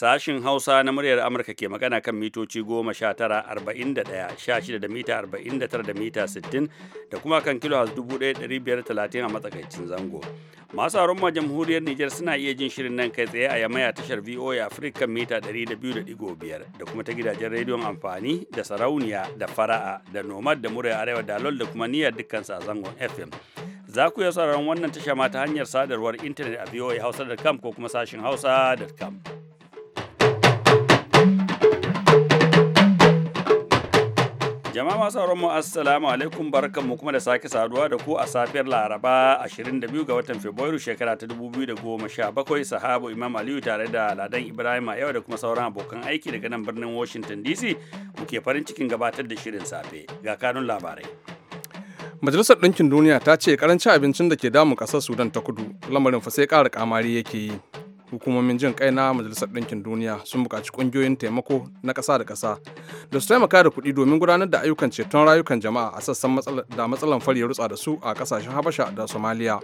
Sashin Hausa na muryar Amurka ke magana kan mitoci goma sha tara arba'in da ɗaya mita arba'in da mita sittin da kuma kan kilo 1530 a matsakaicin zango. Masu aron jamhuriyar Nijar suna iya jin shirin nan kai tsaye a yamaya tashar VOA Africa mita ɗari da kuma ta gidajen rediyon amfani da sarauniya da fara'a da nomad da muryar arewa da lol da kuma niyyar dukkansu a zangon FM. Za ku iya sauraron wannan tasha ma ta hanyar sadarwar intanet a voahausa.com ko kuma sashin hausa.com. Jama'a masu sauran mu assalamu alaikum mu kuma da sake saduwa da ku a safiyar Laraba 22 ga watan Fabrairu shekara ta 2017 sahabu Imam Aliyu tare da Ladan Ibrahim a yau da kuma sauran abokan aiki daga nan birnin Washington DC muke farin cikin gabatar da shirin safe ga kanun labarai. Majalisar Ɗinkin Duniya ta ce karancin abincin da ke damun ƙasar Sudan ta kudu lamarin fa sai ƙara kamari yake yi. hukumomin jin kai na majalisar ɗinkin duniya sun buƙaci ƙungiyoyin taimako na ƙasa da ƙasa da su taimaka da kuɗi domin gudanar da ayyukan ceton rayukan jama'a a sassan da matsalan fari ya rutsa da su a ƙasashen habasha da somaliya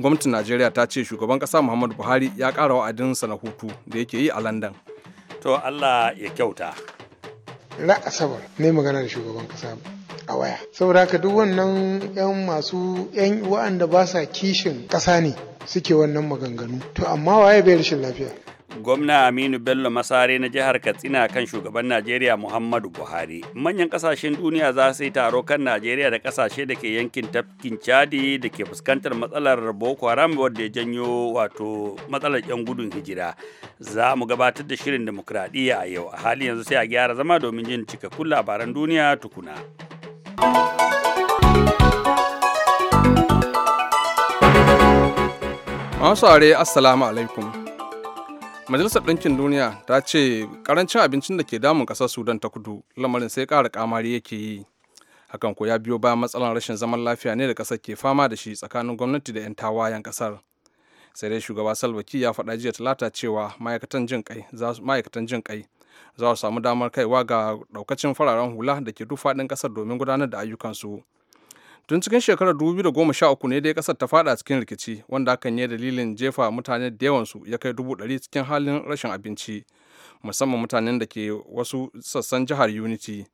gwamnatin najeriya ta ce shugaban ƙasa muhammadu buhari ya ƙara wa'adinsa na hutu da yake yi a london to allah ya kyauta na asabar ne magana da shugaban ƙasa a waya saboda haka duk wannan 'yan masu 'yan wa'anda ba sa kishin ƙasa ne suke wannan maganganu to amma waye bai rashin lafiya gwamna aminu bello masare na jihar katsina kan shugaban najeriya muhammadu buhari manyan kasashen duniya za su yi taro kan najeriya da kasashe da ke yankin tafkin chadi da ke fuskantar matsalar boko haram wadda ya janyo wato matsalar yan gudun hijira za mu gabatar da shirin demokradiyya a yau a hali yanzu sai a gyara zama domin jin cikakkun labaran duniya tukuna masu are assalamu alaikum majalisar ɗinkin duniya ta ce ƙarancin abincin da ke damun ƙasar sudan ta kudu lamarin sai ƙara kamari yake yi hakan ko ya biyo bayan matsalar rashin zaman lafiya ne da ƙasar ke fama da shi tsakanin gwamnati da 'yan tawayen ƙasar sai dai shugaba salwaki ya faɗa jiya talata cewa ma'aikatan jin ƙai. za su samu damar kaiwa ga daukacin fararen hula da ke duk faɗin ƙasar domin gudanar da ayyukansu tun cikin shekarar 2013 ne dai ƙasar ta faɗa cikin rikici wanda hakan ya dalilin jefa mutane da yawansu ya kai dubu ɗari cikin halin rashin abinci musamman mutanen da ke wasu sassan jihar unity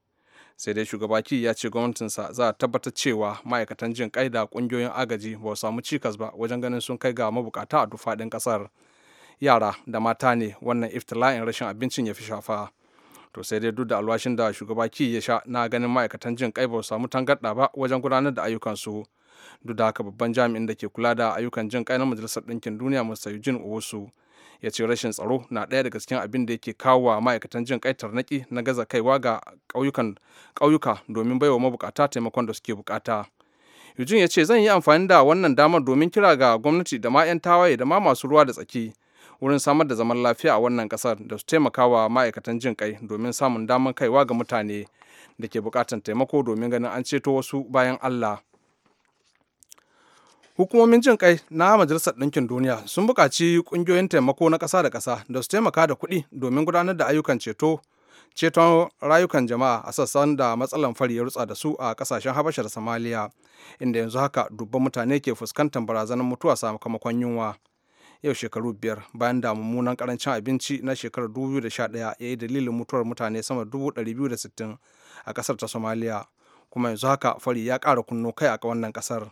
sai dai shugaba ki ya ce gwamnatinsa za a tabbatar cewa ma'aikatan jin ƙa'ida ƙungiyoyin agaji ba su samu cikas ba wajen ganin sun kai ga mabukata a duk faɗin ƙasar. yara da mata ne wannan iftila'in rashin abincin ya fi shafa to sai dai duk da alwashin da shugaba ki ya sha na ganin ma'aikatan jin kai ba su samu tangarda ba wajen gudanar da ayyukansu duk da haka babban jami'in da ke kula da ayyukan jin kai na majalisar ɗinkin duniya mr yujin owusu ya ce rashin tsaro na ɗaya daga cikin abin da yake kawo wa ma'aikatan jin kai tarnaki na gaza kaiwa ga ƙauyuka domin baiwa mabukata taimakon da suke bukata eugene ya ce zan yi amfani da wannan damar domin kira ga gwamnati da ma 'yan tawaye da ma masu ruwa da tsaki wurin samar da zaman lafiya a wannan kasar da su taimaka wa ma'aikatan jin kai domin samun damar kaiwa ga mutane da ke bukatan taimako domin ganin an ceto wasu bayan allah hukumomin jin kai na majalisar ɗinkin duniya sun buƙaci ƙungiyoyin taimako na ƙasa da ƙasa da su taimaka da kuɗi domin gudanar da ayyukan ceto ceton rayukan jama'a a sassan da matsalan fari ya rutsa da su a kasashen habashar samaliya inda yanzu haka dubban mutane ke fuskantar barazanar mutuwa sakamakon yunwa yau shekaru biyar bayan da mummunan karancin abinci na shekarar 2011 ya yi dalilin mutuwar mutane sama 260 a kasar ta somaliya kuma yanzu haka fari ya kara kunno kai a wannan kasar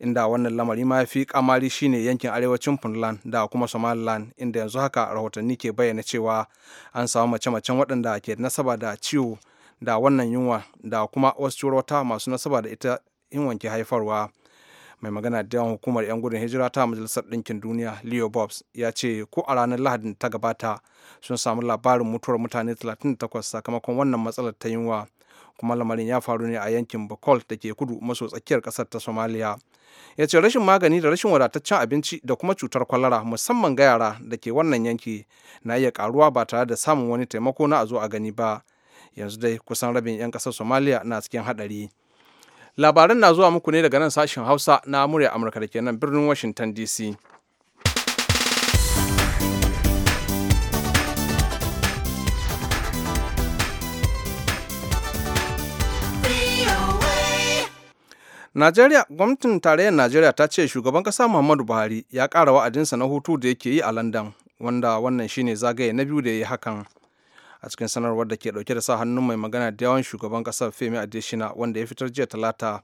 inda wannan lamari ma fi kamari shine yankin arewacin finland da kuma somaliland inda yanzu haka rahotanni ke bayyana cewa an samu mace-macen waɗanda ke nasaba da ciwo da wannan yunwa da kuma wasu wata masu nasaba da ita yunwan ke haifarwa mai magana da yawan hukumar 'yan gudun hijira ta majalisar ɗinkin duniya leo bobs ya ce ko a ranar lahadin ta gabata sun samu labarin mutuwar mutane 38 sakamakon wannan matsalar ta yunwa kuma lamarin ya faru ne a yankin bakol da ke kudu maso tsakiyar ƙasar ta Somalia ya ce rashin magani da rashin wadataccen abinci da kuma cutar kwalara musamman ga yara da ke wannan yanki na iya karuwa ba tare da samun wani taimako na a zo a gani ba yanzu dai kusan rabin 'yan ƙasar somaliya na cikin haɗari labaran na zuwa muku ne daga nan sashen hausa na murya amurka da ke nan birnin washington dc Najeriya gwamnatin tarayyar Najeriya ta ce shugaban ƙasa Muhammadu Buhari ya ƙara wa'adinsa na hutu da yake yi a London wanda wannan shine zagaye na biyu da ya yi hakan. a cikin sanarwar da ke dauke da sa hannun mai magana da yawan shugaban kasar femi adeshina wanda ya fitar jiya talata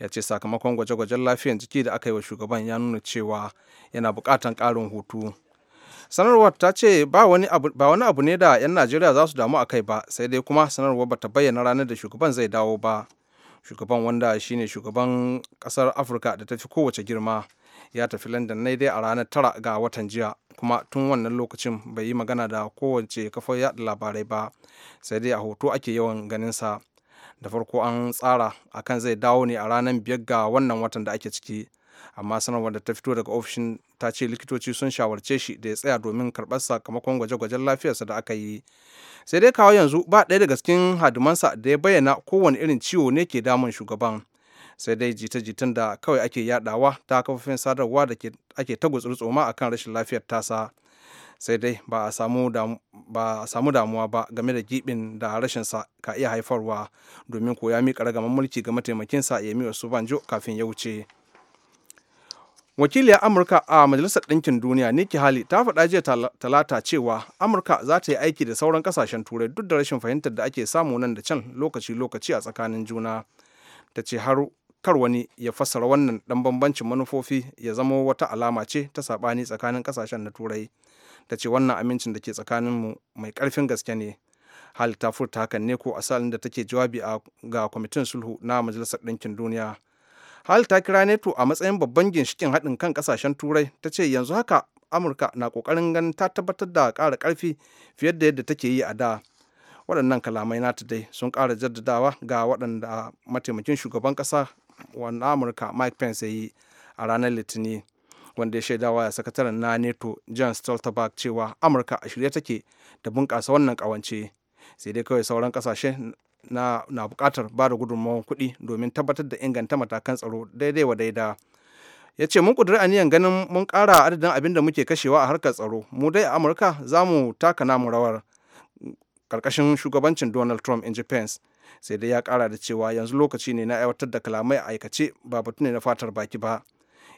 ya ce sakamakon gwaje-gwajen lafiyar jiki da aka yi wa shugaban ya nuna cewa yana bukatan karin hutu sanarwar ta ce ba wani abu ne da 'yan najeriya za su damu a kai ba sai dai kuma sanarwar bata bayyana ranar da shugaban zai dawo ba shugaban wanda shine shugaban kasar afirka da ta fi kowace girma ya tafi london ne dai a ranar tara ga watan jiya kuma tun wannan lokacin bai yi magana da kowace kafar yada labarai ba sai dai a hoto ake yawan ganin sa da farko an tsara akan zai dawo ne a ranar biyar ga wannan watan da ake ciki amma sanarwar da ta fito daga ofishin ta ce likitoci sun shawarce shi da ya tsaya domin karɓar sakamakon gwaje-gwajen lafiyarsa da aka yi sai dai kawo yanzu ba ɗaya daga cikin hadimansa da ya bayyana kowane irin ciwo ne ke damun shugaban sai dai jita-jitan da kawai ake yadawa ta kafofin sadarwa da ake ta gutsuru a kan rashin lafiyar tasa sai dai ba a samu damuwa ba game da gibin da rashinsa ka iya haifarwa domin ko ya miƙa ragaman mulki ga mataimakin sa mataimakinsa wasu banjo kafin ya wuce wakiliyar amurka a majalisar ɗinkin duniya nikki hali ta faɗa jiya talata cewa amurka za ta yi aiki da sauran ƙasashen turai duk da rashin fahimtar da ake samu nan da can lokaci-lokaci a tsakanin juna ta ce har kar wani ya fassara wannan dan bambancin manufofi ya zama wata alama ce ta saɓani tsakanin ƙasashen na turai ta ce wannan amincin da ke tsakaninmu mai ƙarfin gaske ne hal ta furta hakan ne ko asalin da take jawabi a ga kwamitin sulhu na majalisar ɗinkin duniya hal ta kira neto a matsayin babban ginshikin haɗin kan ƙasashen turai ta ce yanzu haka amurka na ƙoƙarin ganin ta tabbatar da ƙara ƙarfi fiye da yadda take yi a da waɗannan kalamai nata dai sun ƙara jaddadawa ga waɗanda mataimakin shugaban ƙasa na amurka mike pence ya yi a ranar litinin wanda ya shaidawa ya sakataren na neto john stoltenberg cewa amurka a shirye take da bunƙasa wannan ƙawance sai dai kawai sauran ƙasashe na, na buƙatar ba da gudunmawar kuɗi domin tabbatar da inganta matakan tsaro daidai wa daida ya ce mun ƙudiri aniyan ganin mun ƙara adadin abin da muke kashewa a harkar tsaro mu dai a amurka za mu taka namu rawar ƙarƙashin shugabancin donald trump in ji pence sai dai ya kara da cewa yanzu lokaci ne na aiwatar da kalamai a aikace ba batu ne na fatar baki ba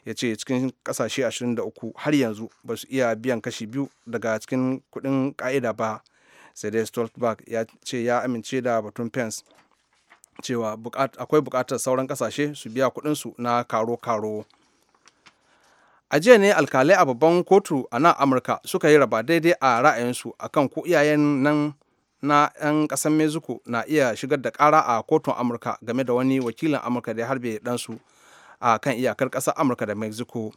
ya ce cikin kasashe 23 har yanzu ba su iya biyan kashi biyu daga cikin kudin ka'ida ba sai dai stoltenberg ya ce ya amince da batun pence cewa akwai bukatar sauran kasashe su biya su na karo-karo a jiya ne alkalai a babban kotu a nan amurka suka yi raba daidai a ra'ayinsu akan ko iyayen nan na 'yan kasan mexico na iya shigar da ƙara a kotun amurka game da wani wakilin amurka da ya harbe ɗansu a kan iyakar ƙasar amurka da mexico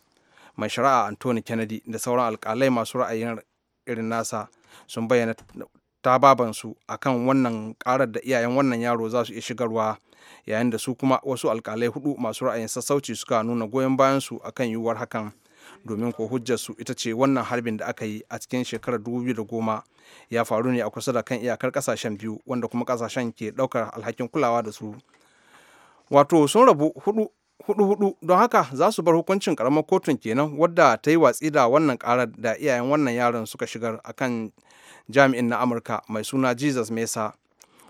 mai shari'a anthony kennedy da sauran alkalai masu ra'ayin irin nasa sun bayyana tababansu a kan wannan ƙarar da iyayen wannan yaro za su iya shigarwa yayin da su kuma wasu alkalai hudu masu ra'ayin sassauci suka nuna goyon bayansu a kan yiwuwar hakan domin ko hujjar su ita ce wannan harbin da aka yi a cikin shekarar goma ya faru ne a kusa da kan iyakar kasashen biyu wanda kuma kasashen ke daukar alhakin kulawa da su wato sun rabu hudu hudu hudu don haka za su bar hukuncin karamar kotun kenan wadda ta yi watsi da wannan karar da iyayen wannan yaron suka shigar akan jami'in na amurka mai suna jesus mesa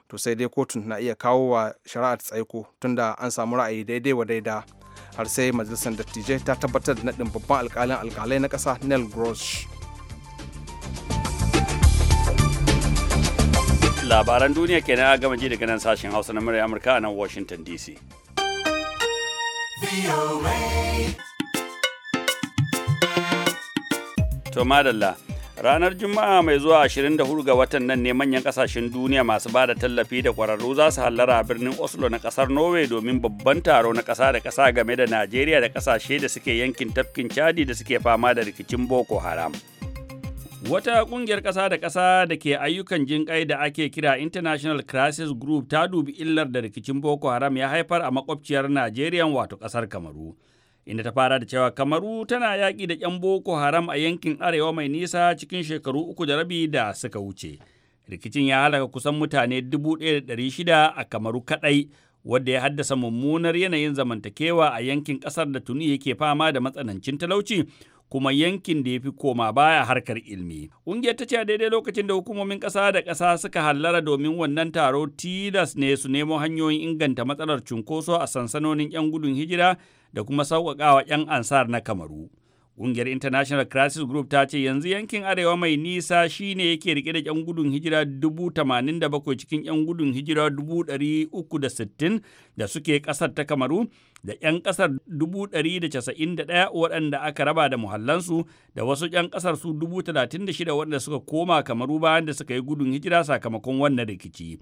to sai dai kotun na iya kawo wa shari'ar tsaiko tunda an samu ra'ayi daidai wa daida har sai majalisar dattijai ta tabbatar da naɗin babban alkalin alkalai na ƙasa nel grosh labaran duniya kenan a gama ji daga nan sashen hausa na murya amurka a nan washington dc to madalla ranar juma'a mai zuwa 24 ga watan nan ne manyan kasashen duniya masu ba da tallafi da kwararru za su hallara a birnin oslo na kasar norway domin babban taro na kasa da kasa game da najeriya da kasashe da suke yankin tafkin chadi da suke fama da rikicin boko haram Wata ƙungiyar ƙasa da ƙasa da ke ayyukan jinƙai da ake kira International Crisis Group ta dubi illar da rikicin Boko Haram ya haifar a makwabciyar Najeriya wato ƙasar Kamaru. inda ta fara da cewa kamaru tana yaƙi da 'yan boko haram a yankin arewa mai nisa cikin shekaru uku da rabi da suka wuce rikicin ya halaka kusan mutane 1,600 a kamaru kaɗai wadda ya haddasa mummunar yanayin zamantakewa a yankin ƙasar da tuni yake fama da matsanancin talauci kuma yankin da ya fi koma baya harkar ilmi. Ƙungiyar ta ce a daidai lokacin da hukumomin ƙasa da ƙasa suka hallara domin wannan taro tilas ne su nemo hanyoyin inganta matsalar cunkoso a sansanonin 'yan gudun hijira da kuma sauƙaƙawa 'yan ansar na Kamaru. Ƙungiyar International Crisis Group ta ce yanzu yankin Arewa mai nisa shine yake rike da 'yan gudun hijira 87,000 cikin 'yan gudun hijira 360 da suke ƙasar ta Kamaru da 'yan ƙasar 191 waɗanda aka raba da muhallansu da wasu 'yan ƙasar su 36 waɗanda suka koma Kamaru bayan da suka yi gudun hijira sakamakon wannan rikici.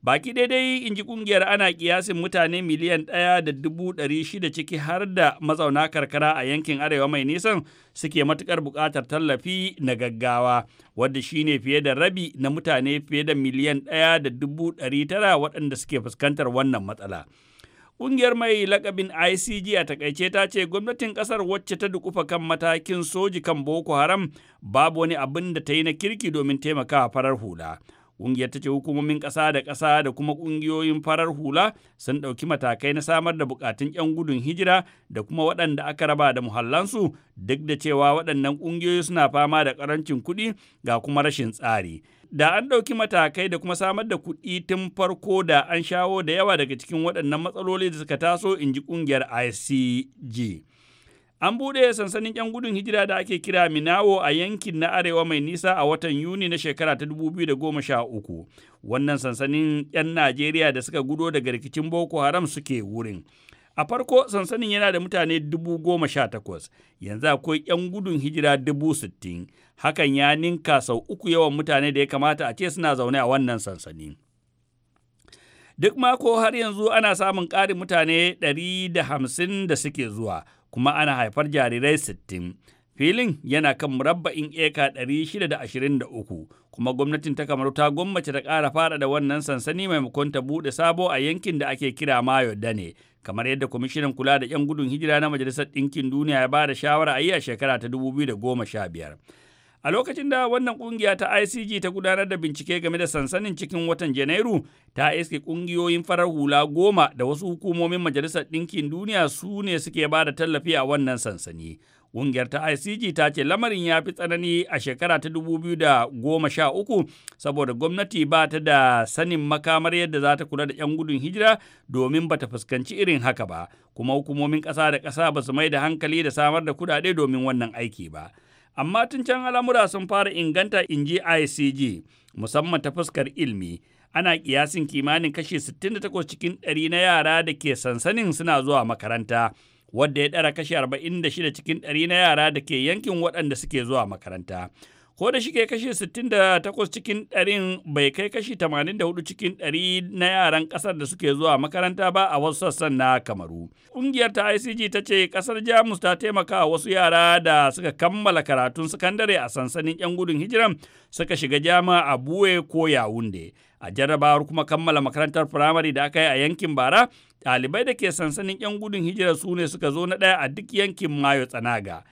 Baki daidai in ji ƙungiyar ana kiyasin mutane miliyan ɗaya da dubu ɗari shida ciki har da mazauna karkara a yankin arewa mai nisan suke matukar buƙatar tallafi na gaggawa, wadda shine fiye da rabi na mutane fiye da miliyan ɗaya da dubu ɗari tara waɗanda suke fuskantar wannan matsala. Ƙungiyar mai lakabin ICG a takaice ta ce gwamnatin ƙasar wacce ta dukufa kan matakin soji kan Boko Haram babu wani abin da ta yi na kirki domin taimakawa farar hula. Ƙungiyar ta ce hukumomin ƙasa da ƙasa da kuma ƙungiyoyin farar hula sun ɗauki matakai na samar da buƙatun 'yan gudun hijira da kuma waɗanda aka raba da muhallansu duk da cewa waɗannan ƙungiyoyi suna fama da ƙarancin kuɗi ga kuma rashin tsari. Da an ɗauki matakai da kuma samar da kuɗi tun farko da an shawo da yawa daga cikin waɗannan matsaloli da suka taso in ji ƙungiyar ICG. An buɗe sansanin 'yan gudun hijira da ake kira Minawo a yankin na arewa mai nisa a watan Yuni na shekara ta 2013. Wannan sansanin 'yan Najeriya da suka gudo daga rikicin Boko Haram suke wurin. A farko sansanin yana da mutane 18,000, yanzu akwai 'yan gudun hijira 60,000, hakan ya ninka sau uku yawan mutane da ya kamata a ce suna zaune a wannan sansani. Duk mako har yanzu ana samun ƙarin mutane 150 da suke zuwa, kuma ana haifar jarirai sittin. filin yana kan murabba'in eka 623 kuma gwamnatin ta kamaru ta gwammace ta ƙara fara da wannan sansani maimakon ta buɗe sabo a yankin da ake kira mayo dane kamar yadda kwamishinan kula da 'yan gudun hijira na majalisar ɗinkin duniya ya ba da shawara a yi a shekara ta 2015 A lokacin da wannan kungiya ta ICG ta gudanar da bincike game da sansanin cikin watan Janairu, ta iske kungiyoyin farar hula goma da wasu hukumomin Majalisar Ɗinkin Duniya su ne suke ba da tallafi a wannan sansani. Ƙungiyar ta ICG ta ce lamarin ya fi tsanani a shekara ta 2013 saboda gwamnati ba ta da sanin makamar yadda za ta kula da 'yan gudun hijira domin ba ta fuskanci irin haka ba, kuma hukumomin ƙasa da ƙasa ba su mai da hankali da samar da kuɗaɗe domin wannan aiki ba. amma tun can al'amura sun fara inganta in ji ICG musamman ta fuskar ilmi ana kiyasin kimanin kashi 68 cikin 100 na yara da ke sansanin suna zuwa makaranta wadda ya ɗara kashi 46 cikin 100 na yara da ke yankin waɗanda suke zuwa makaranta. ko da shike kashi 68 cikin ɗarin bai kai kashi 84 cikin ɗari na yaran ƙasar da suke zuwa makaranta ba a wasu sassan na kamaru ƙungiyar ta icg ta ce ƙasar jamus ta taimaka wasu yara da suka kammala karatun sakandare a sansanin 'yan gudun hijiran suka shiga jama a buwe ko yawunde a jarrabawar kuma kammala makarantar firamare da aka yi a yankin bara ɗalibai da ke sansanin 'yan gudun hijira su ne suka zo na ɗaya a duk yankin mayo tsanaga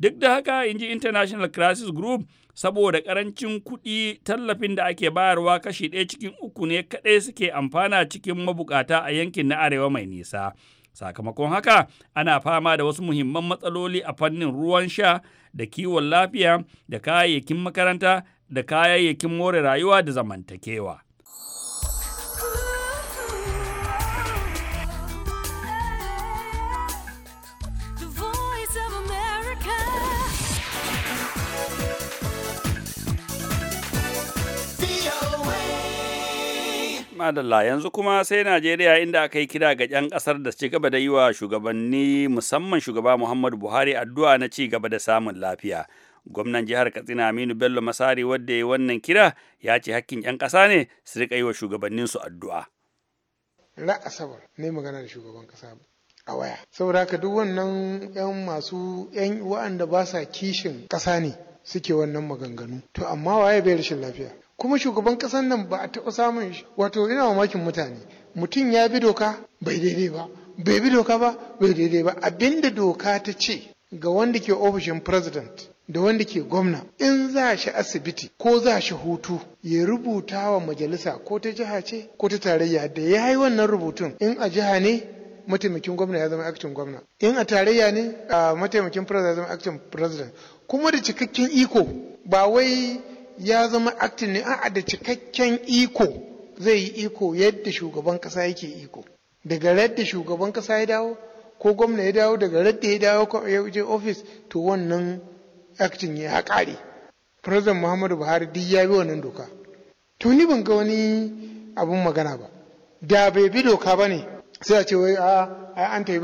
duk da haka inji ji international crisis group saboda ƙarancin kuɗi tallafin da ake bayarwa kashi ɗaya cikin uku ne kaɗai suke amfana cikin mabukata a yankin na arewa mai nisa. Sakamakon haka ana fama da wasu muhimman matsaloli a fannin ruwan sha da kiwon lafiya da kayayyakin makaranta da kayayyakin more rayuwa da zamantakewa. Madalla yanzu kuma sai Najeriya inda aka yi kira ga 'yan kasar da ci gaba da yi wa shugabanni musamman shugaba Muhammadu Buhari addu'a na ci gaba da samun lafiya. Gwamnan jihar Katsina Aminu Bello Masari wadda ya wannan kira ya ce hakkin 'yan ƙasa ne su riƙa yi wa shugabanninsu addu'a. na Asabar ne magana da shugaban ƙasa a waya. Saboda haka duk wannan 'yan masu 'yan wa'anda ba sa kishin ƙasa ne suke wannan maganganu. To amma waye bai rashin lafiya? kuma shugaban ƙasar nan ba a taɓa samun shi wato ina mamakin mutane mutum ya bi doka bai daidai ba bai bi doka ba bai daidai ba abinda doka ta ce ga wanda ke ofishin president da wanda ke gwamna in za shi asibiti ko za shi hutu ya rubuta wa majalisa ko ta jiha ce ko ta tarayya da ya yi wannan rubutun in a jiha ne mataimakin gwamna ya zama aktin gwamna in a tarayya ne a mataimakin president ya zama aktin president kuma da cikakken iko ba wai ya zama aktin ne a'a da cikakken iko zai yi iko yadda shugaban kasa yake iko daga radda shugaban kasa ya dawo ko gwamna ya dawo daga radda ya dawo ko ya je ofis to wannan aktin ya haƙari firazan muhammadu buhari duk ya bi wannan doka to ni ban ga wani abin magana ba da bai bi doka ba ne sai a ce wai a an ta yi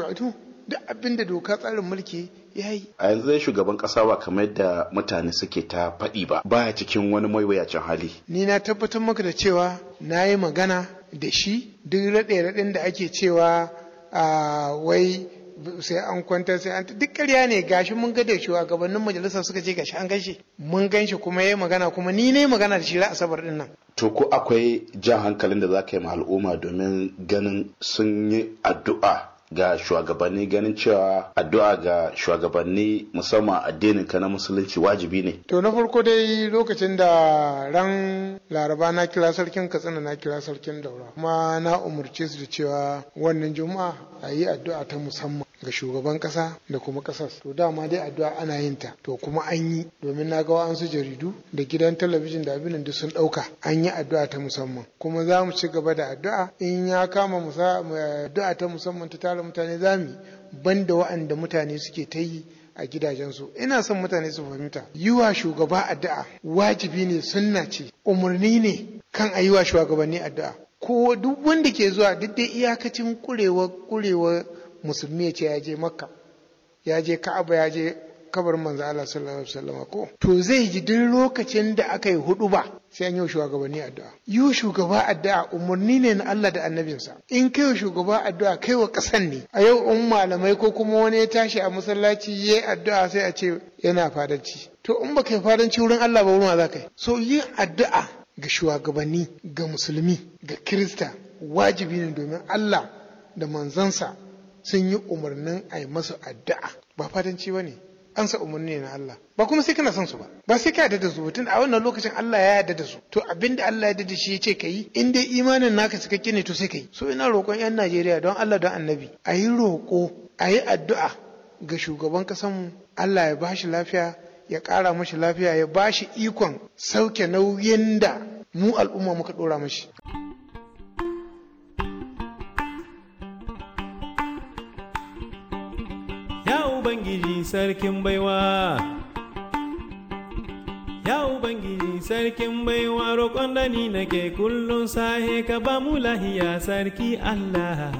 duk abin da doka tsarin mulki ya yi. A yanzu dai shugaban kasa ba kamar yadda mutane suke ta faɗi ba baya cikin wani mawuyacin hali. Ni na tabbatar maka da cewa na yi magana da shi duk raɗe-raɗen da ake cewa wai sai an kwanta sai an duk ƙarya ne gashi mun ga da gabanin majalisar suka ce gashi an gashi mun ganshi shi kuma yayi magana kuma ni ne magana da shi ra asabar din nan to ko akwai jan hankalin da za ka yi ma al'umma domin ganin sun yi addu'a ga shugabanni ganin cewa addu'a ga shugabanni musamman addinin ka na musulunci wajibi ne to na farko dai lokacin da ran laraba na kira sarkin katsina na kira sarkin daura kuma na umarce su da cewa wannan juma'a a yi addu'a ta musamman ga shugaban kasa da kuma kasar to dama dai addu'a ana yin ta to kuma an yi domin na ga su jaridu da gidan talabijin da abin da sun dauka an yi addu'a ta musamman kuma za mu ci gaba da addu'a in ya kama addu'a ta musamman ta tara mutane za ban banda wa'anda mutane suke ta yi a gidajensu ina son mutane su fahimta yiwa shugaba addu'a wajibi ne sunna ce umarni ne kan a yi shugabanni addu'a ko duk wanda ke zuwa duk dai iyakacin kurewa kurewa musulmi ya ce ya je makka ya je ka'aba ya je kabar manzo Allah sallallahu alaihi wasallam ko to zai ji duk lokacin da aka yi hudu ba sai an yi shugabanni addu'a yi shugaba addu'a umarni ne na Allah da annabinsa in kai shugaba addu'a kai wa kasan ne a yau in malamai ko kuma wani ya tashi a masallaci yayi addu'a sai a ce yana fadanci to in baka yi fadanci wurin Allah ba wurin za ka yi so yin addu'a ga shugabanni ga musulmi ga kirista wajibi ne domin Allah da manzansa sun yi umarnin a yi masu addu'a ba fatan ciwo ne an sa umarni na Allah ba kuma sai kana son su ba ba sai ka yarda da su ba tun a wannan lokacin Allah ya yarda da su to abinda Allah ya yarda da shi ya ce ka yi in dai imanin naka cikakke ne to sai ka yi so ina roƙon 'yan Najeriya don Allah don annabi a yi roƙo a yi addu'a ga shugaban mu Allah ya ba shi lafiya ya ƙara mashi lafiya ya ba shi ikon sauke nauyin da mu al'umma muka ɗora mashi. sarkin baiwa ya ubangiji sarkin baiwa roƙon da ni nake kullum sahe ka ba mu lahiya sarki allah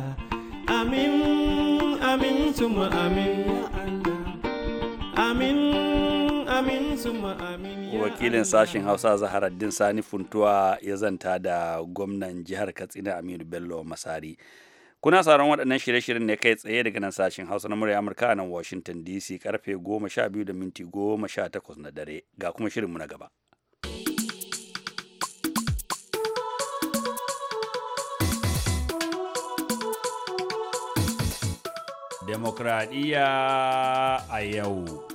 amin amin tuma amin amin amin tuma amin wakilin sashen hausa zaharaddin sani funtuwa ya zanta da gwamnan jihar katsina aminu bello masari Kuna sauran waɗannan shirye-shiryen ne kai tsaye daga nan sashen Hausa na murya Amurka nan Washington DC karfe 12 da minti 18 na dare ga kuma shirin mu na gaba. Demokradiyya a yau.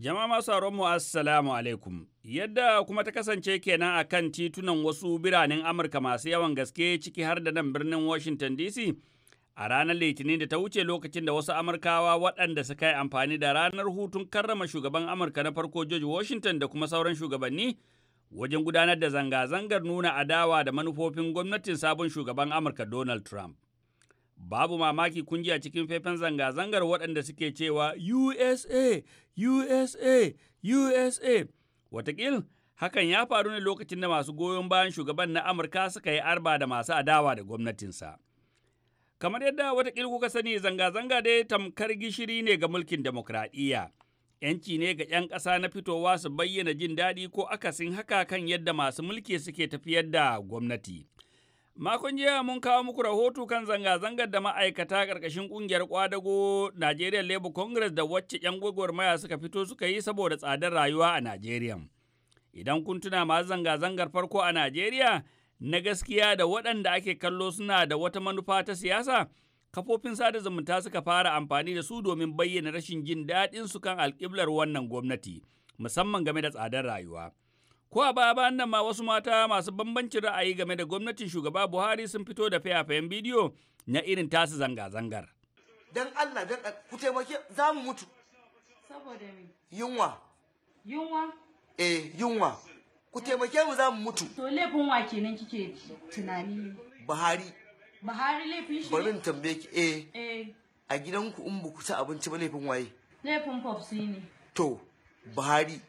Jama'a masu mu assalamu alaikum. Yadda kuma ta kasance kenan a kan titunan wasu biranen Amurka masu yawan gaske ciki har da nan birnin Washington DC a ranar Litinin da ta wuce lokacin da wasu Amurkawa waɗanda suka yi amfani da ranar hutun karrama shugaban Amurka na farko George Washington da kuma sauran shugabanni wajen gudanar da zanga-zangar nuna adawa da manufofin gwamnatin sabon shugaban Amurka Donald Trump. Babu mamaki kun a cikin faifan zanga-zangar waɗanda suke cewa USA, USA, USA. Watakil, hakan ya faru ne lokacin da masu goyon bayan shugaban na Amurka suka yi arba da masu adawa da gwamnatinsa. Kamar yadda watakil kuka sani zanga-zanga dai tamkar gishiri ne ga mulkin demokradiyya. ‘Yanci ne ga ‘yan ƙasa na fitowa su bayyana jin daɗi ko akasin haka kan yadda masu mulki suke tafiyar da gwamnati. Makon jiya mun kawo muku rahoto kan zanga-zangar da ma'aikata ƙarƙashin ƙungiyar kwadago Najeriya Labour Congress da wacce 'yan gwagwarmaya suka fito suka yi saboda tsadar rayuwa a Najeriya. Idan kun tuna masu zanga-zangar farko a Najeriya na gaskiya da waɗanda ake kallo suna da wata manufa ta siyasa, kafofin sada zumunta suka fara amfani da su domin bayyana rashin jin daɗin su kan alƙiblar wannan gwamnati, musamman game da tsadar rayuwa. Ko a baya bayan nan ma wasu mata masu bambancin ra'ayi game da gwamnatin shugaba Buhari sun fito da fayafayen bidiyo na irin tasu zanga-zangar. Dan Allah dan ku taimake za mu mutu. Saboda me? Yunwa. Yunwa? Eh, yunwa. Ku taimake mu za mu mutu. To laifin wa kenan kike tunani? Buhari. Buhari laifin shi. Bari in tambaye ki eh. Eh. A gidanku in ba ku ci abinci ba laifin waye? Laifin popsi ne. To, Buhari.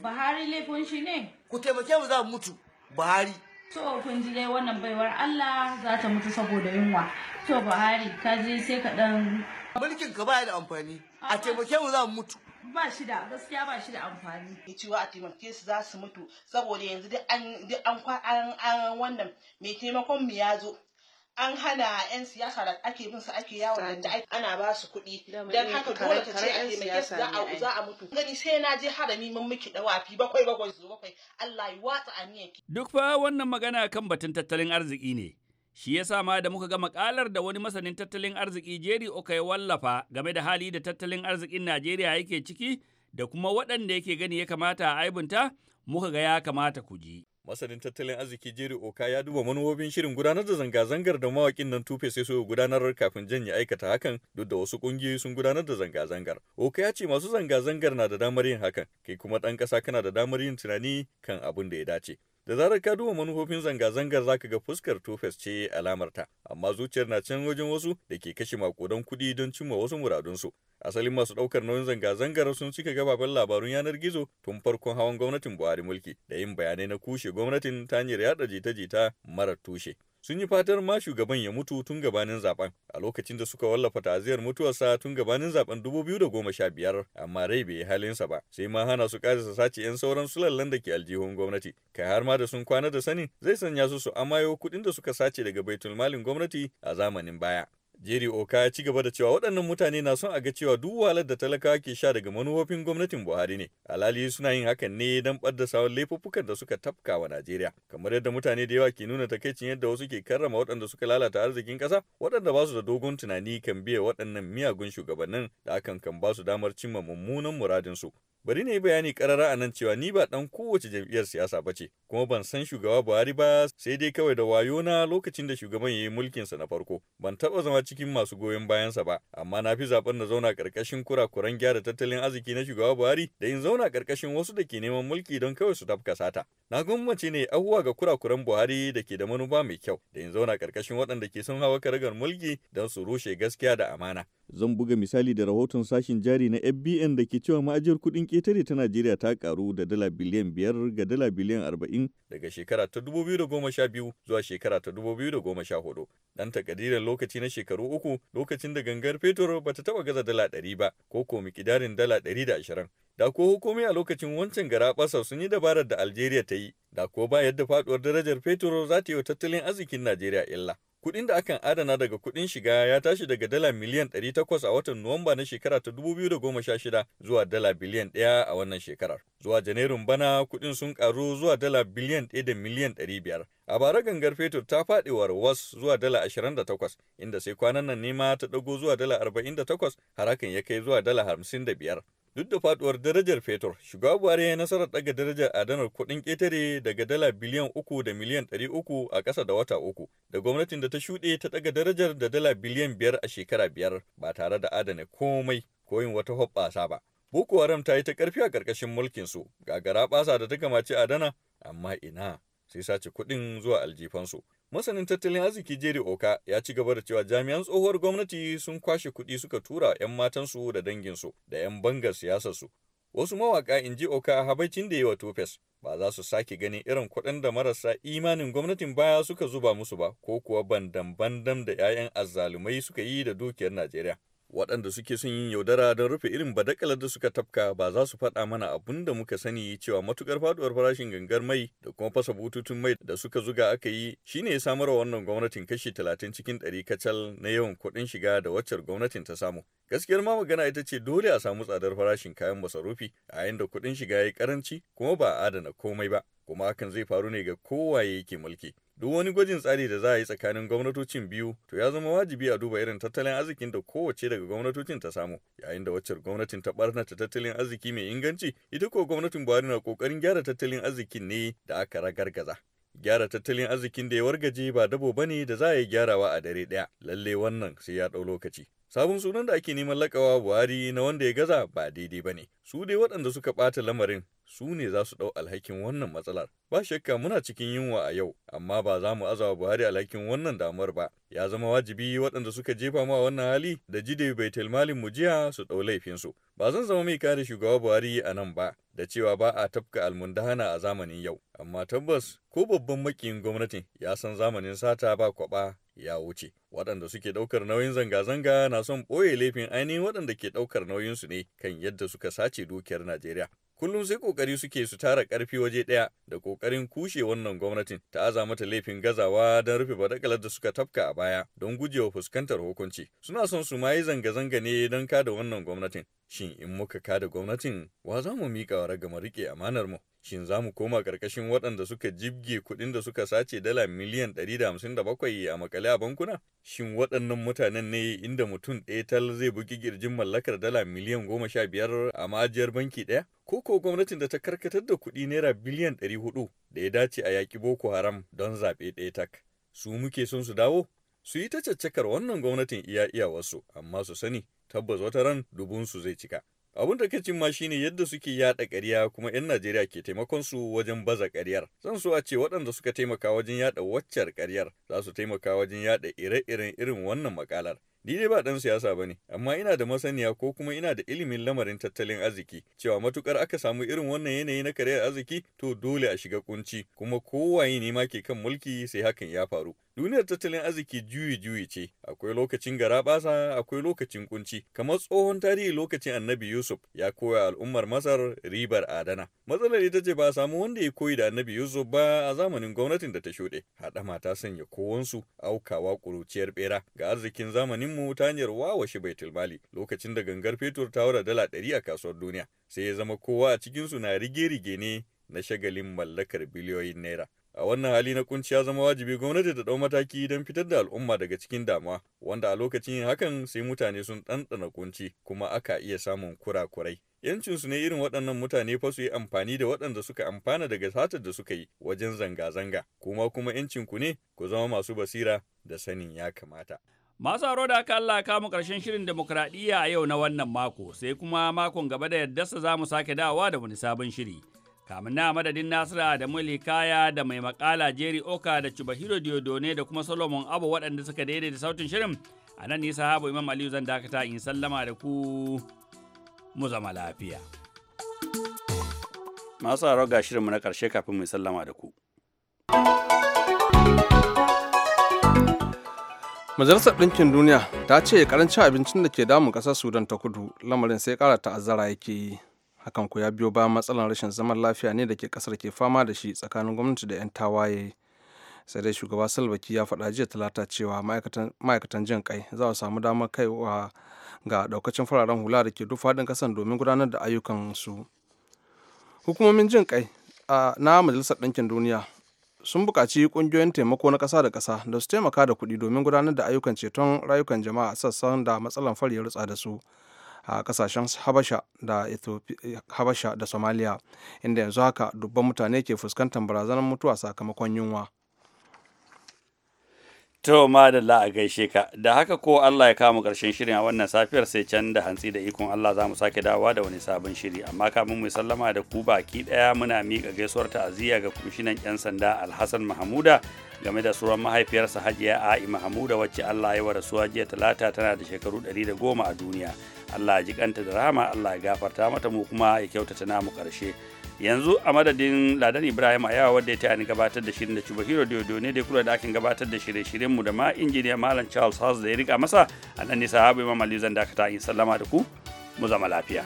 Buhari laifin shi ne? Ku taimake mu za mu mutu Buhari. To kun ji dai wannan baiwar Allah za ta mutu saboda yunwa. To Buhari ka je sai ka dan. Mulkin ka ba da amfani. A taimake mu za mu mutu. Ba shi da gaskiya ba shi da amfani. Ya cewa a taimake su za su mutu saboda yanzu duk an an wannan mai taimakon mu ya zo an hana 'yan siyasa da ake bin su ake yawo da ana ba su kuɗi don haka dole ta ce ake taimake su za a mutu gani sai na je harami mun miki dawafi bakwai bakwai zo bakwai Allah ya watsa aniyanki duk fa wannan magana kan batun tattalin arziki ne Shi ya sa ma da muka ga makalar da wani masanin tattalin arziki Jerry Okay ya wallafa game da hali da tattalin arzikin Najeriya yake ciki da kuma waɗanda yake gani ya kamata a aibunta, muka ga ya kamata ku ji. Masanin tattalin arziki Jerry Oka ya duba manufofin shirin gudanar da zanga-zangar da mawakin nan Tufe sai so gudanar kafin jan ya aikata hakan duk da wasu kungiyoyi sun gudanar da zanga-zangar. Oka ya ce masu zanga-zangar na da damar yin hakan, kai kuma ɗan ƙasa kana da damar yin tunani kan abin da ya dace. da zarar ka duba manufofin zanga-zangar zaka ga fuskar tofes ce alamarta amma zuciyar na can wajen wasu da ke kashe makudan kuɗi don cimma wasu muradunsu asalin masu ɗaukar nauyin zanga-zangar sun cika gababen labarun yanar gizo tun farkon hawan gwamnatin buhari mulki da yin bayanai na kushe gwamnatin ta hanyar yaɗa jita-jita marar tushe sun yi fatar ma shugaban ya mutu tun gabanin zaben a lokacin da suka wallafa ta'aziyar mutuwarsa tun gabanin zaben 2015 amma rai bai yi halinsa ba sai ma hana su karasa sace yan sauran sulallan da ke aljihun gwamnati kai har ma da sun kwana da sani zai sanya su su amayo kuɗin da suka sace daga baitulmalin gwamnati a zamanin baya Jerry Oka ya ci gaba da cewa waɗannan mutane na son a ga cewa duk wahalar da talakawa ke sha daga manufofin gwamnatin Buhari ne. Alali suna yin hakan ne don ɓadda sawan laifuffukan da suka tafka wa Najeriya. Kamar yadda mutane da yawa ke nuna takaicin yadda wasu ke karrama waɗanda suka lalata arzikin ƙasa, waɗanda ba su da dogon tunani kan biya waɗannan miyagun shugabannin da hakan kan ba su damar cimma mummunan muradinsu. bari ne bayani karara a nan cewa ni ba dan kowace jam'iyyar siyasa ba ce kuma ban san shugaba buhari ba sai dai kawai da wayo na lokacin da shugaban ya yi sa na farko ban taɓa zama cikin masu goyon bayansa ba amma na fi zaɓen na zauna ƙarƙashin kurakuran gyara tattalin arziki na shugaba buhari da in zauna karkashin wasu da ke neman mulki don kawai su tafka sata na gwammace ne ahuwa ga kurakuran buhari da ke da manufa mai kyau da in zauna karkashin waɗanda ke son hawa karagar mulki don su rushe gaskiya da amana zan buga misali da rahoton sashin jari na fbn da ke cewa ma'ajiyar kuɗin ƙetare ta Najeriya ta karu da dala biliyan biyar ga dala biliyan arba'in daga shekara ta dubu biyu da goma sha biyu zuwa shekara ta dubu biyu da goma sha hudu. Dan takadirin lokaci na shekaru uku lokacin da gangar fetur ba ta taɓa gaza dala ɗari ba ko ko mikidarin dala ɗari da ashirin. Da ko hukumi a lokacin wancan gara ɓasa sun yi dabarar da Aljeriya ta yi, da ko ba yadda faɗuwar darajar fetur za ta yi wa tattalin arzikin Najeriya illa. Kuɗin da akan adana daga kuɗin shiga ya tashi daga dala miliyan 800 a watan Nuwamba na shekara ta 2016 zuwa dala biliyan 1 a wannan shekarar. Zuwa Janairun bana kuɗin sun ƙaru zuwa dala biliyan 1 da miliyan 500. A bara gangar fetur ta faɗiwar was zuwa dala 28 inda sai kwanan nan nema ta ɗago zuwa dala 48 har hakan ya kai zuwa dala 55. Duk da faduwar darajar fetur, shiga Buhari ya nasarar daga darajar adanar kuɗin ƙetare daga dala biliyan uku da miliyan ɗari uku a ƙasa da wata uku, da gwamnatin da ta shuɗe ta daga darajar da dala biliyan biyar a shekara biyar ba tare da adana komai ko yin wata hoɓɓasa ba. Boko Haram ta yi ta ƙarfi a ƙarƙashin mulkinsu, gagara ɓasa da ta kamace adana, amma ina sai sace kuɗin zuwa aljifansu. Masanin tattalin arziki Jerry Oka ya ci gaba da cewa jami'an tsohuwar gwamnati sun kwashe kuɗi suka tura 'yan matansu da danginsu da 'yan bangar siyasarsu. Wasu mawaƙa in ji Oka habaicin da yi wa ba za su sake gani irin kuɗin da marasa imanin gwamnatin baya suka zuba musu ba ko kuwa bandan-bandam da 'ya'yan azzalumai suka yi da dukiyar Najeriya. waɗanda suke son yin yaudara don rufe irin badakalar da suka tafka ba za su faɗa mana abun da muka sani cewa matukar faduwar farashin gangar mai da kuma fasa bututun mai da suka zuga aka yi shine ya samar wa wannan gwamnatin kashi talatin cikin ɗari kacal na yawan kuɗin shiga da waccar gwamnatin ta samu gaskiyar ma magana ita ce dole a samu tsadar farashin kayan masarufi a yayin da kuɗin shiga ya karanci kuma ba a adana komai ba kuma hakan zai faru ne ga kowaye yake mulki Duk wani gwajin tsari da za a yi tsakanin gwamnatocin biyu to ya zama wajibi a duba irin tattalin arzikin da kowace daga gwamnatocin ta samu, yayin da waccar gwamnatin ta ta tattalin arziki mai inganci, ita ko gwamnatin Buhari na kokarin gyara tattalin arzikin ne da aka ragargaza. Gyara tattalin arzikin da ya wargaje ba dabo ne da za a yi gyarawa a dare ɗaya, lalle wannan sai ya ɗau lokaci. sabon sunan da ake neman lakawa buhari na wanda ya gaza ba daidai ba ne su dai waɗanda suka ɓata lamarin su ne za su ɗau alhakin wannan matsalar. Ba shakka muna cikin yunwa a yau, amma ba za mu azawa Buhari alhakin wannan damar ba. Ya zama wajibi waɗanda suka jefa ma wannan hali da jide bai talmalin mu jiya su ɗau laifinsu. Ba zan zama mai kare shugaba Buhari a nan ba, da cewa ba a tafka almundahana a zamanin yau. Amma tabbas ko babban makiyin gwamnatin ya san zamanin sata ba kwaba ya wuce. Waɗanda suke ɗaukar nauyin zanga-zanga na son ɓoye laifin ainihin waɗanda ke ɗaukar nauyinsu ne kan yadda suka sace dukiyar Najeriya. kullum sai kokari suke su tara karfi waje ɗaya da kokarin kushe wannan gwamnatin ta aza mata laifin gazawa don rufe badakalar da suka tafka a baya don gujewa fuskantar hukunci suna son su ma zanga-zanga ne don kada wannan gwamnatin shin in muka kada gwamnatin wa za mu miƙa ragamar riƙe amanar mu Shin za mu koma ƙarƙashin waɗanda suka jibge kuɗin da suka sace dala miliyan ɗari da da bakwai a makale a bankuna? Shin waɗannan mutanen ne inda mutum ɗaya tal zai bugi girjin mallakar dala miliyan biyar a ma'ajiyar banki ɗaya? Ko ko gwamnatin da ta karkatar da kuɗi naira biliyan ɗari 400 da ya dace a yaƙi Boko Haram don zaɓe ɗaya tak? Su muke son su dawo? Su yi ta caccakar wannan gwamnatin iya iya amma su sani tabbas wata ran dubunsu zai cika. Abin da kacin ma shine yadda suke yaɗa ƙarya kuma 'yan Najeriya ke taimakon su wajen baza ƙaryar. Zan so a ce waɗanda suka taimaka wajen yaɗa waccar ƙaryar za su taimaka wajen yaɗa ire-iren irin wannan makalar. Ni dai ba ɗan siyasa ba ne, amma ina da masaniya ko kuma ina da ilimin lamarin tattalin arziki, cewa matukar aka samu irin wannan yanayi na karyar arziki to dole a shiga kunci, kuma kowaye ne ma ke kan mulki sai hakan ya faru. Duniyar tattalin arziki juyi-juyi ce, akwai lokacin garaɓasa, akwai lokacin kunci, kamar tsohon tarihi lokacin annabi Yusuf ya koya al'ummar Masar ribar adana. Matsalar ita ce ba a samu wanda ya koyi da annabi Yusuf ba a zamanin gwamnatin da ta shuɗe, haɗama ta sanya kowansu aukawa ƙuruciyar ɓera ga arzikin zamanin mu ta hanyar wawashe baitul mali lokacin da gangar fetur ta wura dala ɗari a kasuwar duniya sai ya zama kowa a cikinsu na rige-rige ne na shagalin mallakar biliyoyin naira. A wannan hali na kunci ya zama wajibi gwamnati ta ɗau mataki don fitar da al'umma daga cikin damuwa, wanda a lokacin hakan sai mutane sun ɗanɗana kunci kuma aka iya samun kurakurai. Yancinsu ne irin waɗannan mutane fa su yi amfani da waɗanda suka amfana daga satar da suka yi wajen zanga-zanga, kuma kuma yancinku ne ku zama masu basira da sanin ya kamata. Masu haro da aka Allah kamu ƙarshen shirin demokradiyya a yau na wannan mako, sai kuma makon gaba da yarda za mu sake dawa da wani sabon shiri. Kamin na madadin Nasira da Kaya da mai makala Jerry Oka da Chubahiro Diodone da kuma Solomon Abu waɗanda suka daidaita sautin shirin, a nan nisa habu Imam Aliyu zan dakata in sallama da ku mu zama lafiya. Masu haro ga shirinmu na ƙarshe kafin mu sallama da ku. majalisar ɗinkin duniya ta ce karancin abincin da ke damun ƙasar sudan ta kudu lamarin sai ƙara ta'azzara yake yi hakan ku ya biyo ba matsalar rashin zaman lafiya ne da ke ƙasar ke fama da shi tsakanin gwamnati da 'yan tawaye sai dai shugaba salbaki ya faɗa jiya talata cewa ma'aikatan jin kai za su samu damar kaiwa ga ɗaukacin fararen hula da ke duk ɗin ƙasar domin gudanar da ayyukan su hukumomin jin kai na majalisar ɗinkin duniya sun buƙaci ƙungiyoyin taimako na ƙasa da ƙasa da su taimaka da kuɗi domin gudanar da ayyukan ceton rayukan jama'a a sassan da matsalan fari ya rutsa da su a ƙasashen habasha da habasha da somalia inda yanzu haka dubban mutane ke fuskantar barazanar mutuwa sakamakon yunwa To madalla a gaishe ka da haka ko Allah ya kama ƙarshen shirin a wannan safiyar sai can da hantsi da ikon Allah za mu sake dawowa da wani sabon shiri amma kamin mu sallama da ku baki ɗaya muna miƙa gaisuwar ta'aziyya ga kwamishinan 'yan sanda Alhassan Mahamuda game da suran mahaifiyarsa Hajiya A'i Mahamuda wacce Allah ya wa rasuwa jiya talata tana da shekaru ɗari da goma a duniya Allah ya ji kanta da rahama Allah ya gafarta mata mu kuma ya kyautata namu ƙarshe. yanzu a madadin ladan ibrahim ayawa wadda ya taya gabatar da shirin da hero diodo ne da kula da akin gabatar da shirye-shiryenmu da ma injiniya malam charles house da ya rika masa a nan nisa habu imam aliyu zan dakata in sallama da ku mu zama lafiya